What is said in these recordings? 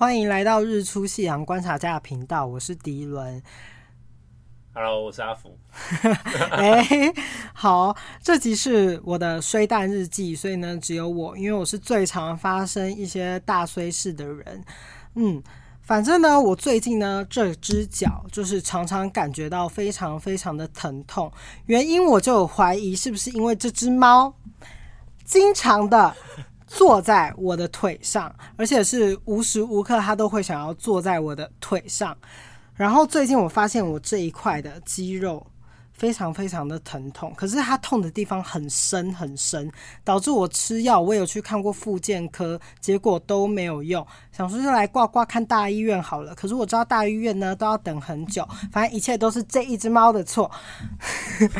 歡迎來到日出夕陽觀察家的頻道，我是迪倫。Hello，我是阿福、 欸。好，這集是我的衰蛋日記，所以呢，只有我，因為我是最常發生一些大衰事的人。嗯，反正呢，我最近呢，這隻腳就是常常感覺到非常非常的疼痛，原因我就有懷疑，是不是因為這隻貓經常的。 坐在我的腿上，而且是無時無刻他都會想要坐在我的腿上。然後最近我發現我這一塊的肌肉非常非常的疼痛，可是它痛的地方很深很深，導致我吃藥，我也有去看過復健科，結果都沒有用。想說就來掛掛看大醫院好了，可是我知道大醫院呢都要等很久，反正一切都是這一隻貓的錯。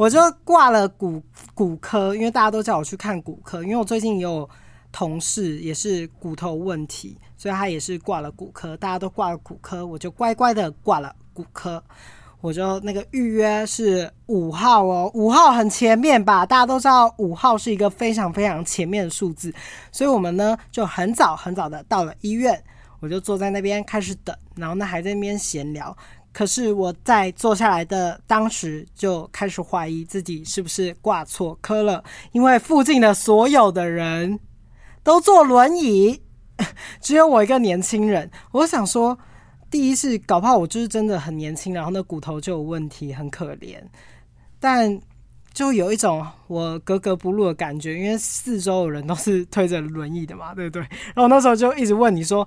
我就掛了骨骨科，因為大家都叫我去看骨科，因為我最近也有同事也是骨頭問題，所以他也是掛了骨科，大家都掛了骨科，我就乖乖的掛了骨科。我就那個預約是五號哦，五號很前面吧？大家都知道五號是一個非常非常前面的數字，所以我們呢就很早很早的到了醫院，我就坐在那邊開始等，然後呢還在那邊閒聊。可是我在坐下來的當時就開始懷疑自己是不是掛錯科了，因為附近的所有的人都坐輪椅，只有我一個年輕人。我想說，第一是搞不好我就是真的很年輕，然後那骨頭就有問題，很可憐。但就有一種我格格不入的感覺，因為四周的人都是推着輪椅的嘛，對不對？然後那時候就一直問你說，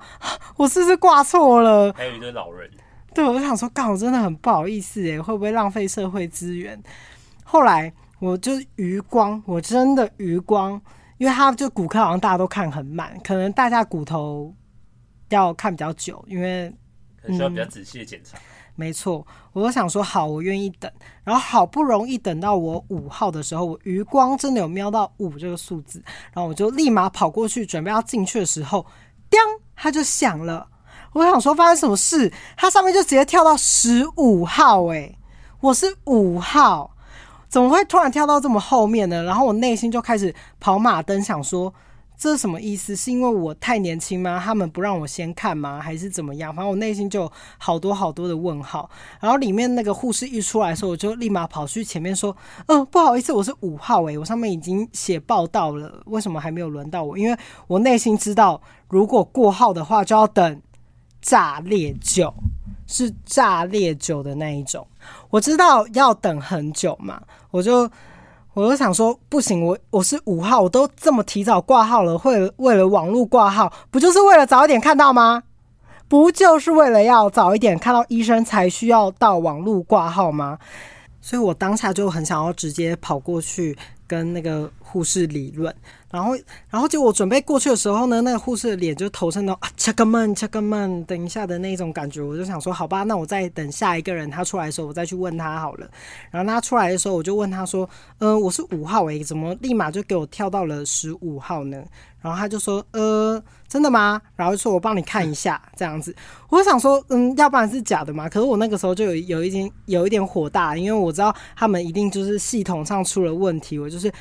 我是不是掛錯了？還有一對老人。對，我就想說，剛好真的很不好意思誒，會不會浪費社會資源？後來我就餘光，我真的餘光，因為他就骨科好像大家都看很慢，可能大家骨頭要看比較久，因為、嗯、很需要比較仔細的檢查。沒錯，我就想說，好，我願意等。然後好不容易等到我五號的時候，我餘光真的有瞄到五這個數字，然後我就立馬跑過去準備要進去的時候，當它就響了。我想說發生什麼事，它上面就直接跳到十五號欸，我是五號，怎麼會突然跳到這麼後面呢？然後我內心就開始跑馬燈，想說這是什麼意思？是因為我太年輕嗎？他們不讓我先看嗎？還是怎麼樣？反正我內心就好多好多的問號。然後裡面那個護士一出來的時候，我就立馬跑去前面說：“嗯，不好意思，我是五號欸，我上面已經寫報到了，為什麼還沒有輪到我？因為我內心知道，如果過號的話就要等。”炸裂酒是炸裂酒的那一種，我知道要等很久嘛，我就我就想說不行，我我是五號，我都這麼提早掛號了，會為,為了網絡掛號，不就是為了早一點看到嗎？不就是為了要早一點看到醫生才需要到網絡掛號嗎？所以我當下就很想要直接跑過去。跟那個護士理論，然後，然後就我準備過去的時候呢，那個護士的臉就投身到啊，切個慢，切個 n 等一下的那種感覺，我就想說，好吧，那我再等一下一個人他出來的時候，我再去問他好了。然後他出來的時候，我就問他說，呃，我是五號誒、欸，怎麼立馬就給我跳到了十五號呢？然後他就說，呃。真的嗎？然後說，我幫你看一下，這樣子，我想說，嗯，要不然是假的嘛？可是我那個時候就有有一點有一點火大，因為我知道他們一定就是系統上出了問題，我就是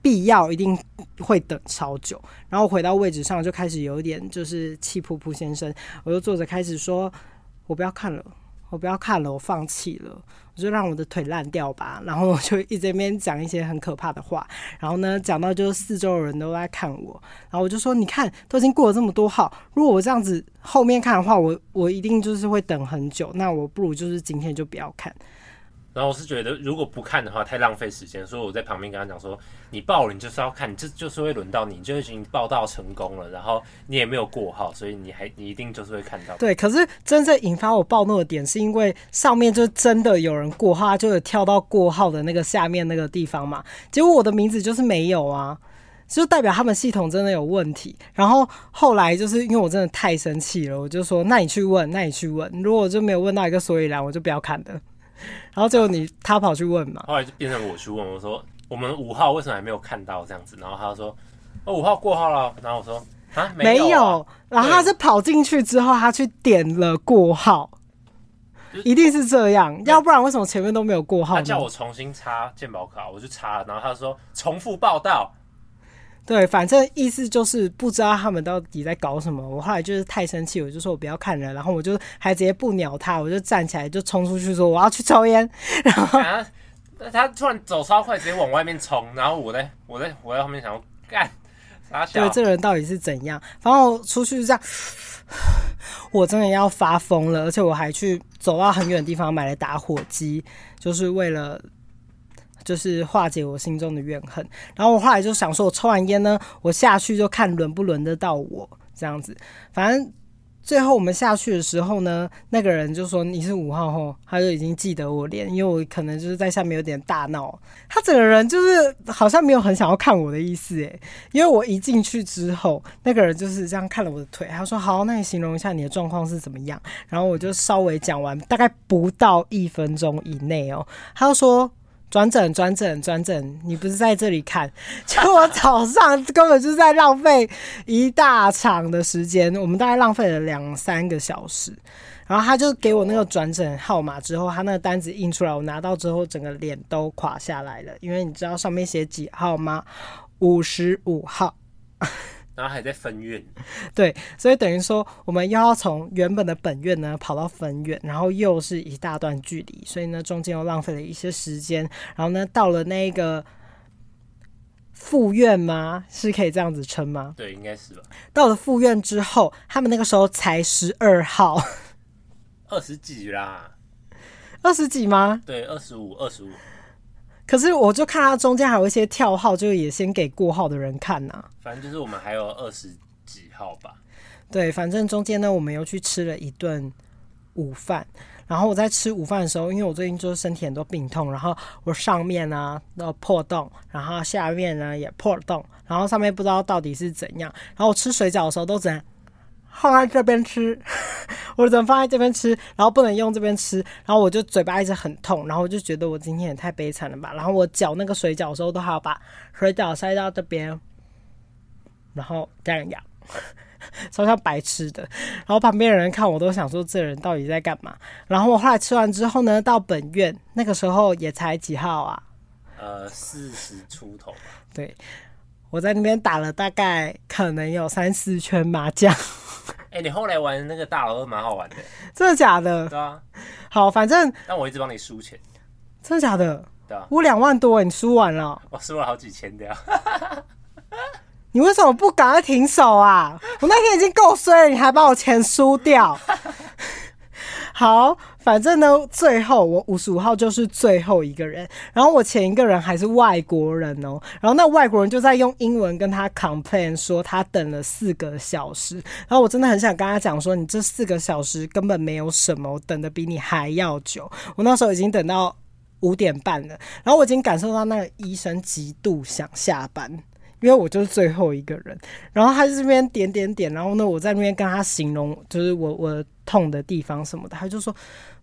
必要一定會等超久，然後回到位置上就開始有一點就是氣噗噗先生，我就坐着開始說，我不要看了。我不要看了，我放棄了，我就讓我的腿爛掉吧。然後我就一直在那邊講一些很可怕的話，然後呢，講到就是四周的人都在看我，然後我就說：你看，都已經過了這麼多號，如果我這樣子後面看的話，我我一定就是會等很久，那我不如就是今天就不要看。然後我是覺得，如果不看的話太浪費時間，所以我在旁邊跟他講說：“你報了你就是要看，這就，就是會輪到你，你就已經報到成功了，然後你也沒有過號，所以你還你一定就是會看到。”對，可是真正引發我暴怒的點是因為上面就真的有人過號，他就有跳到過號的那個下面那個地方嘛，結果我的名字就是沒有啊，就代表他們系統真的有問題。然後後來就是因為我真的太生氣了，我就說：“那你去問，那你去問，如果就沒有問到一個所以然，我就不要看了。”然後就你、啊、他跑去問嘛，後來就變成我去問，我說我們五號為什麼還沒有看到這樣子？然後他說，哦，五號過號了。然後我說啊，沒有，啊沒有，然後他是跑進去之後對他去點了過號，一定是這樣，就要不然為什麼前面都沒有過號？他叫我重新插健保卡，我就插了，然後他就說重複報到。對，反正意思就是不知道他們到底在搞什麼。我後來就是太生氣，我就說我不要看人，然後我就還直接不鳥他，我就站起來就衝出去說我要去抽煙。然後、啊、他，他突然走超快，直接往外面衝，然後我在我在我，我在後面想幹，傻笑，對，這個、人到底是怎樣？然後出去就這樣，我真的要發瘋了，而且我還去走到很遠的地方買了打火機，就是為了。就是化解我心中的怨恨，然後我後來就想說，我抽完煙呢，我下去就看輪不輪得到我這樣子。反正最後我們下去的時候呢，那個人就說，你是五號吼，他就已經記得我臉，因為我可能就是在下面有點大鬧，他整個人就是好像沒有很想要看我的意思誒，因為我一進去之後，那個人就是這樣看了我的腿，他說，好，那你形容一下你的狀況是怎麼樣？然後我就稍微講完，大概不到一分鐘以內哦，他就說。轉診，轉診，轉診！你不是在這裡看，就我早上根本就是在浪費一大場的時間。我們大概浪費了兩三個小時，然後他就給我那個轉診號碼之後，他那個單子印出來，我拿到之後，整個臉都垮下來了。因為你知道上面寫幾號嗎？五十五號。 然後還在分院，對，所以等於說我們又要從原本的本院呢跑到分院，然後又是一大段距離，所以呢中間又浪費了一些時間。然後呢到了那個附院嗎？是可以這樣子稱嗎？對，應該是吧。到了附院之後，他們那個時候才十二號，二十幾啦，二十幾嗎？對，二十五，二十五。可是我就看到中間還有一些跳號，就也先給過號的人看吶。反正就是我們還有二十幾號吧。對，反正中間呢，我們又去吃了一頓午飯。然後我在吃午飯的時候，因為我最近就是身體很多病痛，然後我上面呢都破洞，然後下面呢也破洞，然後上面不知道到底是怎樣，然後我吃水餃的時候都只能。放在這邊吃， 我只能放在這邊吃，然後不能用這邊吃，然後我就嘴巴一直很痛，然後我就覺得我今天也太悲慘了吧，然後我嚼那個水餃的時候都還要把水餃塞到這邊，然後這樣咬， 超像白痴的，然後旁邊的人看我都想說，這個人到底在幹嘛？然後我後來吃完之後呢，到本院那個時候也才幾號啊？呃，四十出頭。對，我在那邊打了大概可能有三四圈麻將。哎、欸，你後來玩那個大老二蠻好玩的。欸，真的假的？啊、好，反正但我一直幫你輸錢。真的假的？對、啊、2 我兩萬多。欸、你輸完了？我輸了好幾千掉， 你為什麼不趕快停手啊？我那天已經夠衰了，你還把我錢輸掉。 好，反正呢，最後我五十五號就是最後一個人，然後我前一個人還是外國人哦，然後那外國人就在用英文跟他 complain 說他等了四個小時，然後我真的很想跟他講說，你這四個小時根本沒有什麼，我等得比你還要久，我那時候已經等到五點半了，然後我已經感受到那個醫生極度想下班。因為我就是最後一個人，然後他這邊點點點，然後呢，我在那邊跟他形容，就是我我痛的地方什麼的，他就說，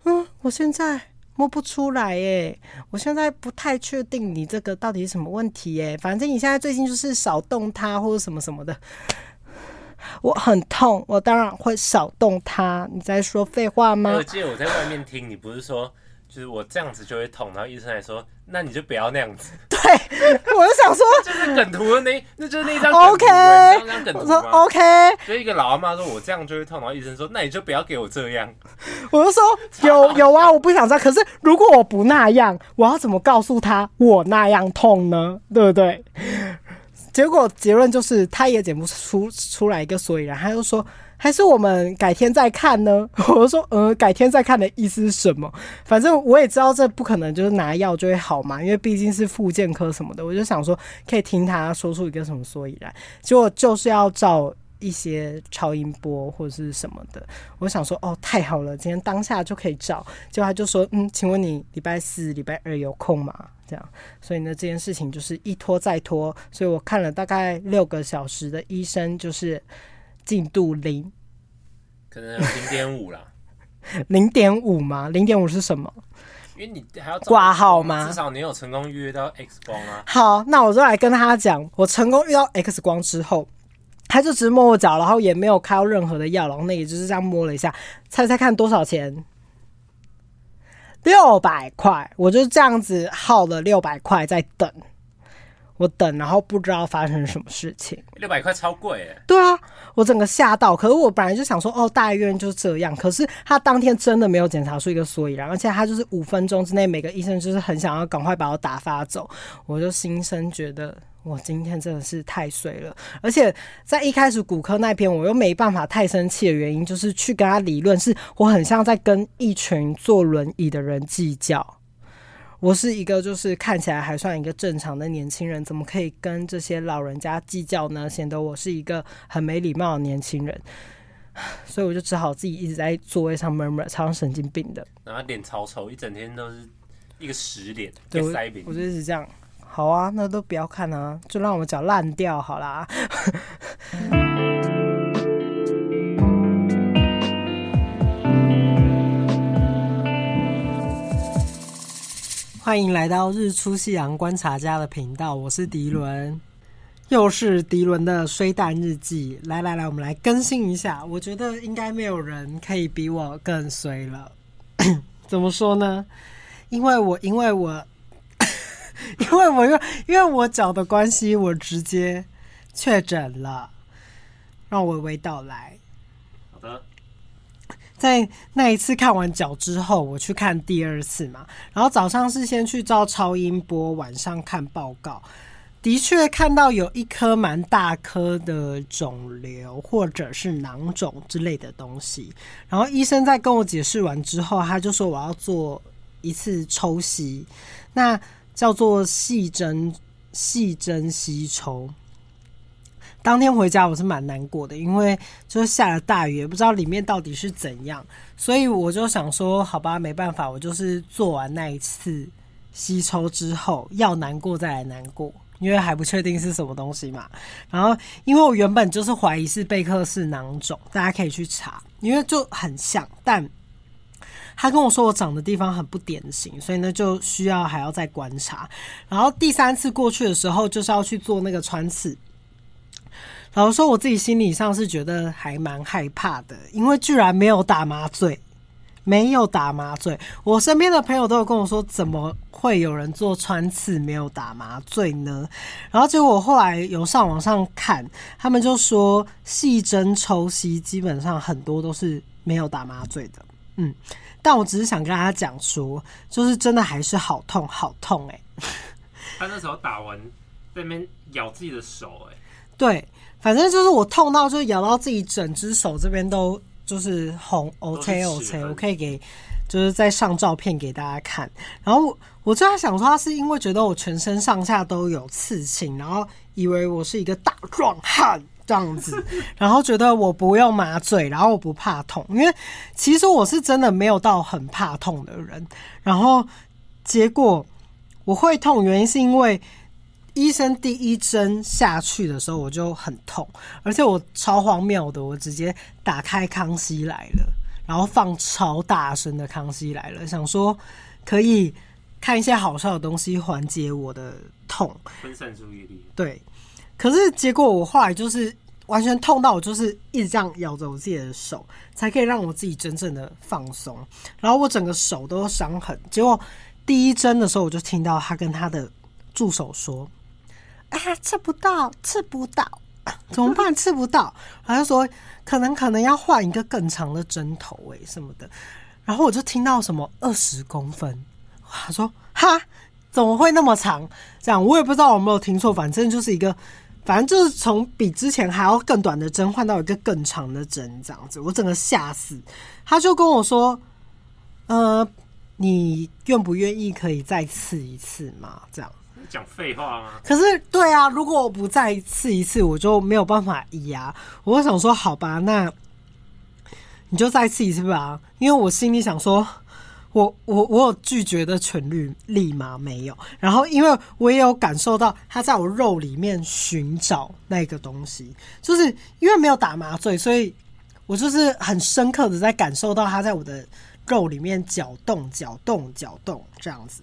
嗯，我現在摸不出來誒，我現在不太確定你這個到底是什麼問題誒，反正你現在最近就是少動他或者什麼什麼的，我很痛，我當然會少動他，你在說廢話嗎？我記得我在外面聽你不是說。就是我這樣子就會痛，然後醫生來說：“那你就不要那樣子。”對， 我就想說，就是梗圖的那，那就是那張、欸。O Okay , K，那張梗圖。我說 O K，所以一個老阿媽說：“我這樣就會痛。”然後醫生說：“那你就不要給我這樣。”我就說：“有有啊，我不想這樣。可是如果我不那樣，我要怎麼告訴他我那樣痛呢？對不對？”結果結論就是，他也剪不出出來一個所以然，他就說。還是我們改天再看呢？我說，呃，改天再看的意思是什麼？反正我也知道這不可能，就是拿藥就會好嘛，因為畢竟是復健科什麼的。我就想說，可以聽他說出一個什麼所以然。結果就是要照一些超音波或者是什麼的。我想說，哦，太好了，今天當下就可以照。結果他就說，嗯，請問你禮拜四、禮拜二有空嗎？這樣。所以呢，這件事情就是一拖再拖。所以我看了大概六個小時的醫生，就是。進度零，可能有零點五啦。零點五嗎？零點五是什麼？因為你還要掛號嗎？至少你有成功預約到 X 光啊。好，那我就來跟他講，我成功預約到 X 光之後，他就直摸我腳，然後也沒有開到任何的藥，然後那也就是這樣摸了一下，猜猜看多少錢？六百塊，我就這樣子耗了六百塊在等。我等，然後不知道發生什麼事情。六百塊超貴耶！對啊，我整個嚇到。可是我本來就想說，哦，大醫院就這樣。可是他當天真的沒有檢查出一個所以然，而且他就是五分鐘之內，每個醫生就是很想要趕快把我打發走。我就心生覺得，我今天真的是太衰了。而且在一開始骨科那邊，我又沒辦法太生氣的原因，就是去跟他理論，是我很像在跟一群坐輪椅的人計較。我是一個，就是看起來還算一個正常的年輕人，怎麼可以跟這些老人家計較呢？顯得我是一個很沒禮貌的年輕人，所以我就只好自己一直在座位上 murmur，超神經病的，然後臉超醜，一整天都是一個十臉，對腮餅。我就一直這樣。好啊，那都不要看啊，就讓我腳爛掉好啦。 歡迎來到日出夕陽觀察家的頻道，我是迪倫，又是迪倫的衰蛋日記。來來來，我們來更新一下，我覺得應該沒有人可以比我更衰了。 怎麼說呢？因為我，因為我， 因為我，又因為我腳的關係，我直接確診了。讓我娓娓道來，好的。在那一次看完腳之後，我去看第二次嘛。然後早上是先去照超音波，晚上看報告，的確看到有一顆蠻大顆的腫瘤或者是囊腫之類的東西。然後醫生在跟我解釋完之後，他就說我要做一次抽吸，那叫做細針細針吸抽。當天回家我是蠻難過的，因為就下了大雨，也不知道裡面到底是怎樣，所以我就想說，好吧，沒辦法，我就是做完那一次吸抽之後，要難過再來難過，因為還不確定是什麼東西嘛。然後，因為我原本就是懷疑是貝克氏囊腫，大家可以去查，因為就很像。但他跟我說我長的地方很不典型，所以呢就需要還要再觀察。然後第三次過去的時候，就是要去做那個穿刺。老實說，我自己心理上是覺得還蠻害怕的，因為居然沒有打麻醉，沒有打麻醉。我身邊的朋友都有跟我說，怎麼會有人做穿刺沒有打麻醉呢？然後結果我後來有上網上看，他們就說，細針抽吸基本上很多都是沒有打麻醉的。嗯，但我只是想跟大家講說，就是真的還是好痛，好痛哎、欸！他那時候打完在那邊咬自己的手哎、欸，對。反正就是我痛到，就是咬到自己整隻手這邊都就是紅，OK OK，我可以給，就是再上照片給大家看。然後我我就在想說，他是因為覺得我全身上下都有刺青，然後以為我是一個大壯漢這樣子，然後覺得我不用麻醉，然後我不怕痛，因為其實我是真的沒有到很怕痛的人。然後結果我會痛，原因是因為。醫生第一針下去的時候，我就很痛，而且我超荒謬的，我直接打開《康熙來了》，然後放超大聲的《康熙來了》，想說可以看一些好笑的東西緩解我的痛，分散注意力。對，可是結果我後來就是完全痛到我就是一直這樣咬着我自己的手，才可以讓我自己真正的放鬆。然後我整個手都傷痕。結果第一針的時候，我就聽到他跟他的助手說。啊！刺不到，刺不到，啊，怎麼辦？刺不到， 他就說可能可能要換一個更長的針頭哎什麼的，然後我就聽到什麼二十公分，他說哈，怎麼會那麼長？這樣，我也不知道我有沒有聽錯，反正就是一個，反正就是從比之前還要更短的針換到一個更長的針這樣子，我整個嚇死。他就跟我說，呃，你願不願意可以再刺一次嘛？這樣。講廢話嗎？可是，對啊，如果我不再刺一次，我就沒有辦法醫啊。我想說，好吧，那你就再試一次吧。因為我心裡想說，我我我有拒絕的權利，立馬沒有。然後，因為我也有感受到他在我肉裡面尋找那個東西，就是因為沒有打麻醉，所以我就是很深刻的在感受到他在我的肉裡面攪動、攪動、攪動這樣子。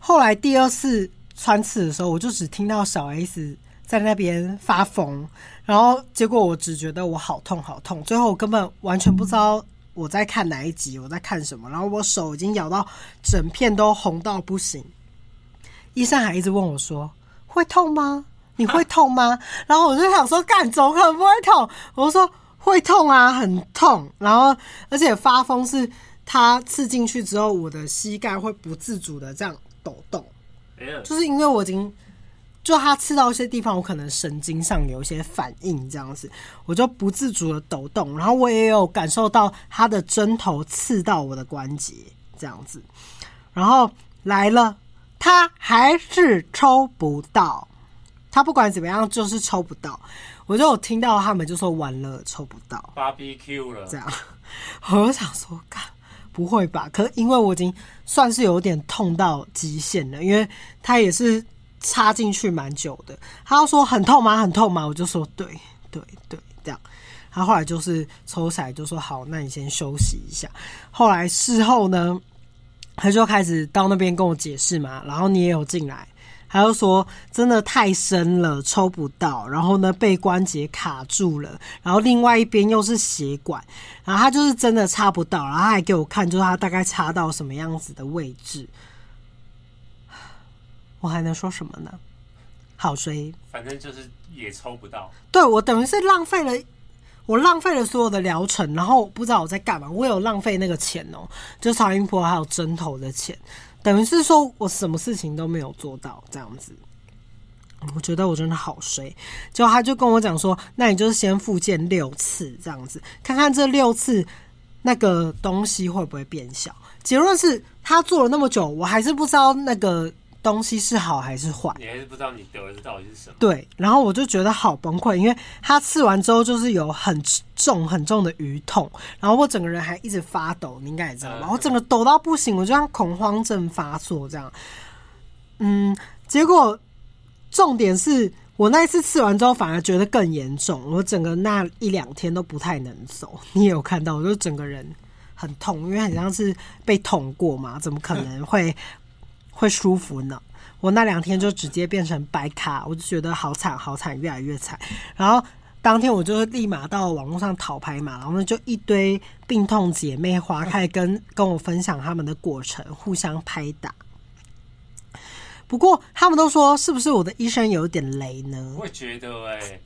後來第二次穿刺的時候，我就只聽到小 S 在那邊發瘋，然後結果我只覺得我好痛好痛，最後我根本完全不知道我在看哪一集，我在看什麼，然後我手已經咬到整片都紅到不行，醫生還一直問我說會痛嗎？你會痛嗎？啊、然後我就想說，幹，怎麼可能不會痛，我就說會痛啊，很痛，然後而且發瘋是它刺進去之後，我的膝蓋會不自主的這樣。抖動，就是因為我已經，就他刺到一些地方，我可能神經上有一些反應，這樣子，我就不自主的抖動。然後我也有感受到他的針頭刺到我的關節，這樣子。然後來了，他還是抽不到，他不管怎麼樣就是抽不到。我就有聽到他們就說完了，抽不到，芭比 Q 了這樣。我就想說，幹。不會吧？可因為我已經算是有點痛到極限了，因為他也是插進去蠻久的。他要說很痛嗎？很痛嗎？我就說對對對，這樣。他後來就是抽出來就說好，那你先休息一下。後來事後呢，他就開始到那邊跟我解釋嘛，然後你也有進來。他就說，說：“真的太深了，抽不到，然後呢，被關節卡住了。然後另外一邊又是血管，然後他就是真的插不到，然後他還給我看，就是他大概插到什麼樣子的位置。我還能說什麼呢？好，所以反正就是也抽不到。對我等於是浪費了，我浪費了所有的療程。然後不知道我在幹嘛，我有浪費那個錢哦、喔，就超音波還有針頭的錢。”等於是說，我什麼事情都沒有做到這樣子，我覺得我真的好衰。就他就跟我講說，那你就是先復健六次這樣子，看看這六次那個東西會不會變小。結論是他做了那麼久，我還是不知道那個。東西是好還是壞？你還是不知道你得的到底是什麼？對，然後我就覺得好崩潰，因為他刺完之後就是有很重、很重的瘀痛，然後我整個人還一直發抖，你應該也知道吧？我整個抖到不行，我就像恐慌症發作這樣。嗯，結果重點是我那一次刺完之後，反而覺得更嚴重，我整個那一兩天都不太能走。你也有看到，我就整個人很痛，因為很像是被捅過嘛，怎麼可能會？會舒服呢？我那兩天就直接變成白卡，我就覺得好慘好慘，越來越慘。然後當天我就立馬到網絡上討拍嘛，然後就一堆病痛姐妹花開跟跟我分享他們的過程，互相拍打。不過他們都說，是不是我的醫生有點雷呢？我覺得哎。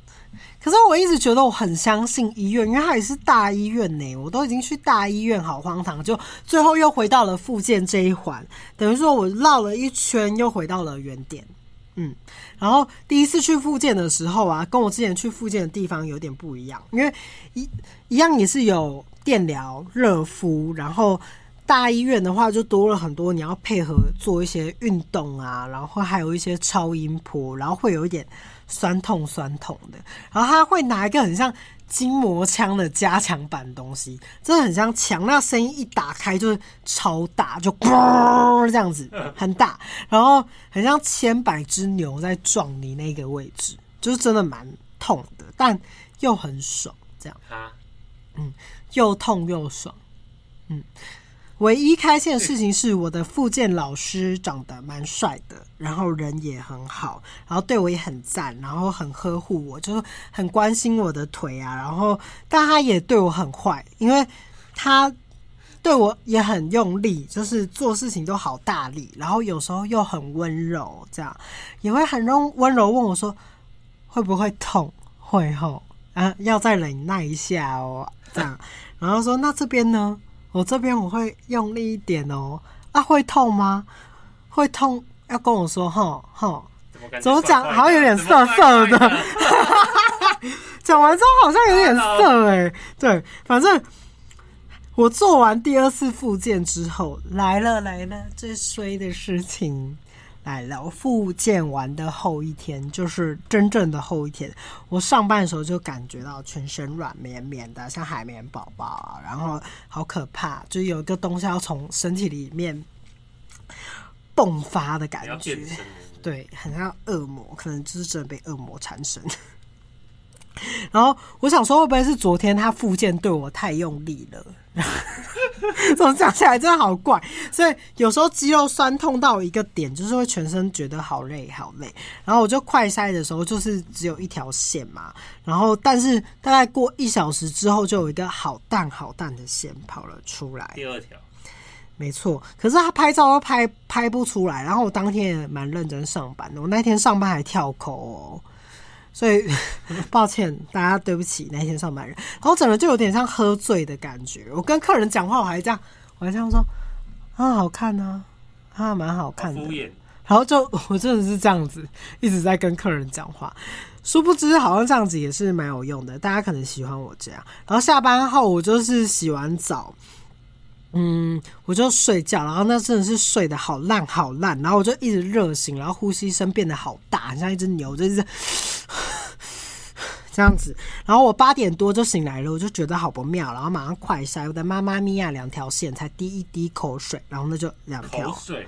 可是我一直覺得我很相信醫院，因為它也是大醫院呢。欸，我都已經去大醫院，好荒唐，就最後又回到了復健這一環，等於說我繞了一圈又回到了原點。嗯，然後第一次去復健的時候啊，跟我之前去復健的地方有點不一樣，因為一一樣也是有電療、熱敷，然後。大醫院的話就多了很多，你要配合做一些運動啊，然後還有一些超音波，然後會有一點酸痛酸痛的。然後他會拿一個很像筋膜槍的加強版東西，真的很像強，那聲音一打開就是超大，就這樣子很大，然後很像千百隻牛在撞你那個位置，就是真的蠻痛的，但又很爽，這樣。啊，嗯，又痛又爽，嗯。唯一開心的事情是，我的復健老師長得蠻帥的，然後人也很好，然後對我也很讚，然後很呵護我，就是很關心我的腿啊。然後，但他也對我很壞，因為他對我也很用力，就是做事情都好大力，然後有時候又很溫柔，這樣也會很溫柔問我說會不會痛？會吼，啊，要再忍耐一下哦，喔，這樣。然後說那這邊呢？我這邊我會用力一點哦，啊，會痛嗎？會痛要跟我說，吼、哦、吼，哦、怎麼講？麼講好像有點色色的，講 完之後好像有點色哎、欸。Hello. 對，反正我做完第二次復健之後，來了來了最衰的事情。來了！我復健完的後一天，就是真正的後一天。我上班的時候就感覺到全身軟綿綿的，像海綿寶寶啊，然後好可怕，就是有一個東西要從身體裡面迸發的感覺。對，很像惡魔，可能就是真的被惡魔纏身。 然後我想說，會不會是昨天他復健對我太用力了？ 怎麼講起來真的好怪，所以有時候肌肉酸痛到一個點，就是會全身覺得好累好累。然後我就快篩的時候，就是只有一條線嘛。然後，但是大概過一小時之後，就有一個好淡好淡的線跑了出來。第二條，沒錯。可是他拍照都拍拍不出來。然後我當天也蠻認真上班的，我那天上班還跳 call 哦。所以， 抱歉，大家對不起，那天上班人，然後整個就有點像喝醉的感覺。我跟客人講話，我還這樣，我還這樣說，啊，好看啊，啊，蠻好看的。好敷衍。然後就，我真的是這樣子，一直在跟客人講話。殊不知，好像這樣子也是蠻有用的。大家可能喜歡我這樣。然後下班後，我就是洗完澡。嗯，我就睡覺，然後那真的是睡得好爛好爛，然後我就一直熱醒，然後呼吸聲變得好大，很像一隻牛，就是這樣子。然後我八點多就醒來了，我就覺得好不妙，然後馬上快篩，我的媽媽咪呀、啊，兩條線才滴一滴口水，然後那就兩條口水，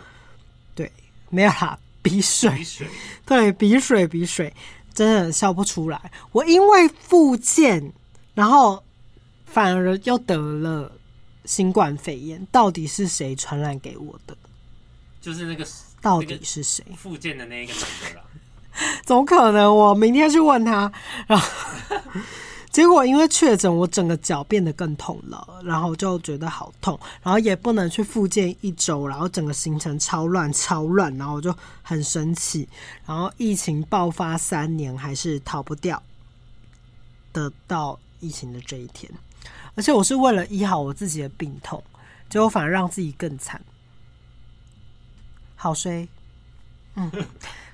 對，沒有啦，鼻水，水對，鼻水鼻水，水，真的笑不出來。我因為復健，然後反而又得了。新冠肺炎到底是誰傳染給我的？就是那個到底是誰復健的那一個男的啦？怎麼 可能我？我明天去問他。然後 結果因為確診，我整個腳變得更痛了，然後就覺得好痛，然後也不能去復健一周，然後整個行程超亂超亂，然後我就很生氣。然後疫情爆發三年，還是逃不掉得到疫情的這一天。而且我是為了醫好我自己的病痛，結果反而讓自己更慘。好衰，嗯，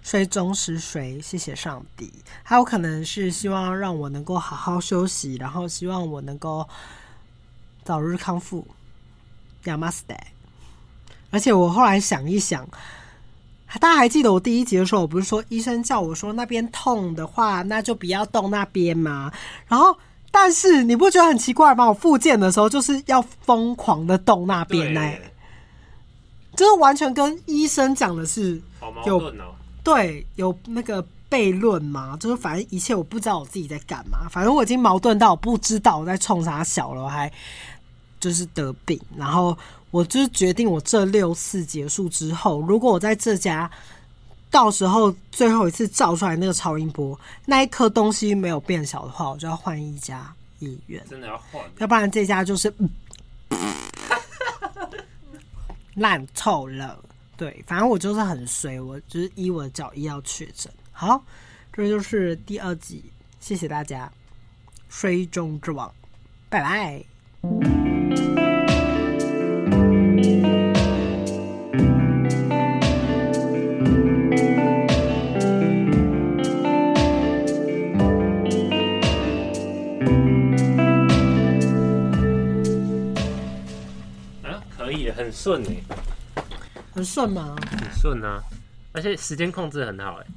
衰中是衰，謝謝上帝。還有可能是希望讓我能夠好好休息，然後希望我能夠早日康復。亞麻斯代。而且我後來想一想，大家還記得我第一集的時候，我不是說醫生叫我說那邊痛的話，那就不要動那邊嘛。然後。但是你不覺得很奇怪嗎？我復健的時候就是要瘋狂的動那邊呢、欸，對就是完全跟醫生講的是有矛盾、哦、對，有那個悖論嗎？就是反正一切我不知道我自己在幹嘛，反正我已經矛盾到我不知道我在衝啥小了，我還就是得病。然後我就是決定，我這六次結束之後，如果我在這家。到時候最後一次照出來那個超音波，那一顆東西沒有變小的話，我就要換一家醫院，真的要換，要不然這家就是爛透、嗯、 了。對，反正我就是很衰，我就是依我的腳意要確診。好，這就是第二集，謝謝大家，衰中之王，拜拜。順呢，欸、很順嗎？很順啊，而且時間控制很好誒、欸。